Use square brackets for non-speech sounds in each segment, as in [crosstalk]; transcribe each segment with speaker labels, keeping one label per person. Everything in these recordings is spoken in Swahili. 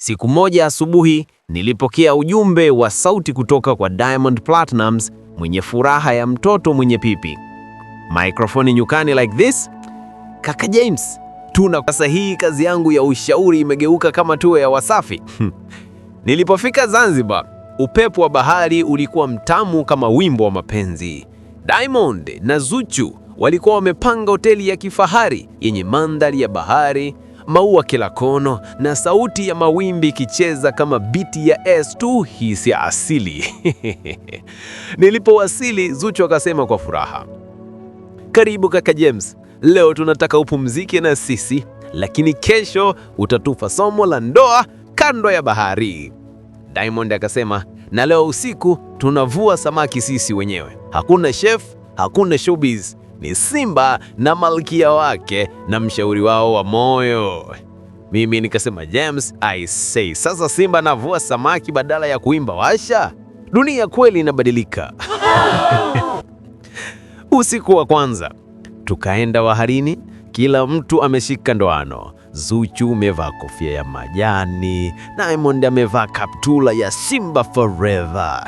Speaker 1: Siku moja asubuhi nilipokea ujumbe wa sauti kutoka kwa Diamond Platnumz mwenye furaha ya mtoto mwenye pipi, maikrofoni nyukani like this: kaka James, tuna sasa, hii kazi yangu ya ushauri imegeuka kama tuwe ya Wasafi. Hmm. Nilipofika Zanzibar, upepo wa bahari ulikuwa mtamu kama wimbo wa mapenzi. Diamond na Zuchu walikuwa wamepanga hoteli ya kifahari yenye mandhari ya bahari maua kila kono, na sauti ya mawimbi ikicheza kama biti ya S2, hisia asili. [laughs] Nilipowasili, Zuchu akasema kwa furaha, karibu kaka James, leo tunataka upumzike na sisi, lakini kesho utatupa somo la ndoa kando ya bahari. Diamond akasema, na leo usiku tunavua samaki sisi wenyewe, hakuna chef, hakuna showbiz ni Simba na malkia wake na mshauri wao wa moyo. Mimi nikasema James, I say, sasa Simba anavua samaki badala ya kuimba washa. Dunia kweli inabadilika. [laughs] Usiku wa kwanza tukaenda waharini kila mtu ameshika ndoano. Zuchu amevaa kofia ya majani, Diamond amevaa kaptula ya Simba Forever.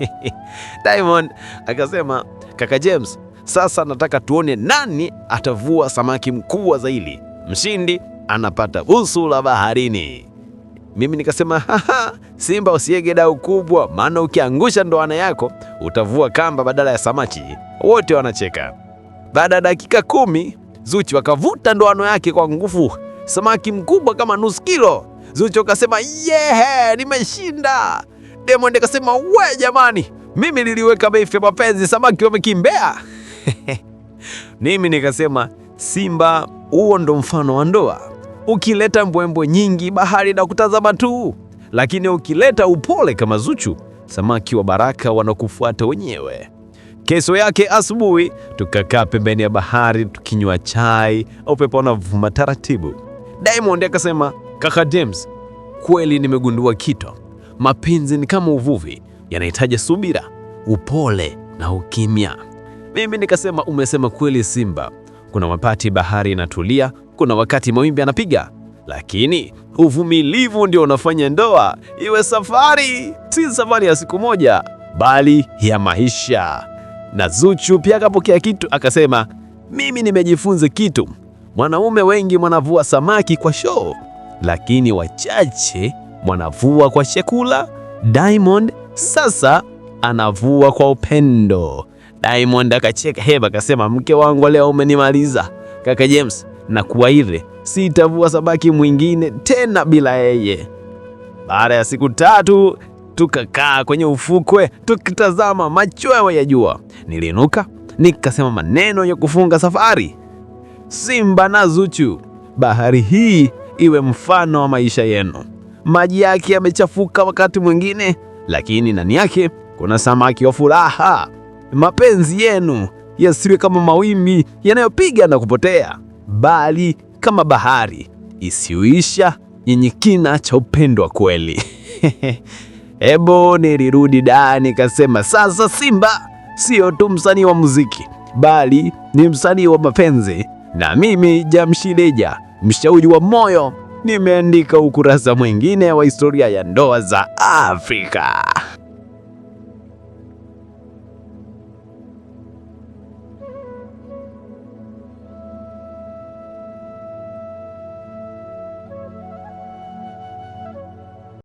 Speaker 1: [laughs] Diamond akasema, kaka James sasa nataka tuone nani atavua samaki mkubwa zaidi. Mshindi anapata busu la baharini. Mimi nikasema haha, Simba usiege dau kubwa, maana ukiangusha ndoana yako utavua kamba badala ya samaki. Wote wanacheka. Baada ya dakika kumi, Zuchu akavuta ndoano yake kwa nguvu, samaki mkubwa kama nusu kilo. Zuchu akasema yehe, nimeshinda. Diamond akasema we jamani, mimi niliweka bei ya mapenzi, samaki wamekimbea. [laughs] Mimi nikasema Simba, huo ndo mfano wa ndoa. Ukileta mbwembwe nyingi, bahari na kutazama tu, lakini ukileta upole kama Zuchu, samaki wa baraka wanakufuata wenyewe. Kesho yake asubuhi tukakaa pembeni ya bahari tukinywa chai, upepo unavuma taratibu. Diamond akasema, kaka James, kweli nimegundua kitu. Mapenzi ni kama uvuvi, yanahitaji subira, upole na ukimya. Mimi nikasema umesema kweli Simba. Kuna wakati bahari inatulia, kuna wakati mawimbi anapiga, lakini uvumilivu ndio unafanya ndoa iwe safari, si safari ya siku moja, bali ya maisha. Na Zuchu pia akapokea kitu, akasema mimi nimejifunza kitu. Mwanaume wengi wanavua samaki kwa show, lakini wachache wanavua kwa chakula. Diamond sasa anavua kwa upendo. Diamond akacheka heba, akasema mke wangu leo umenimaliza kaka James, na kuwa sitavua sabaki mwingine tena bila yeye. Baada ya siku tatu tukakaa kwenye ufukwe tukitazama machweo ya jua. Niliinuka nikasema maneno ya kufunga safari: Simba na Zuchu, bahari hii iwe mfano wa maisha yenu. Maji yake yamechafuka wakati mwingine, lakini ndani yake kuna samaki wa furaha. Mapenzi yenu yasiwe kama mawimbi yanayopiga na kupotea, bali kama bahari isiyoisha yenye kina cha upendo wa kweli. [laughs] Ebo, nilirudi da nikasema, sasa Simba sio tu msanii wa muziki, bali ni msanii wa mapenzi. Na mimi Jamshileja, mshauri wa moyo, nimeandika ukurasa mwingine wa historia ya ndoa za Afrika.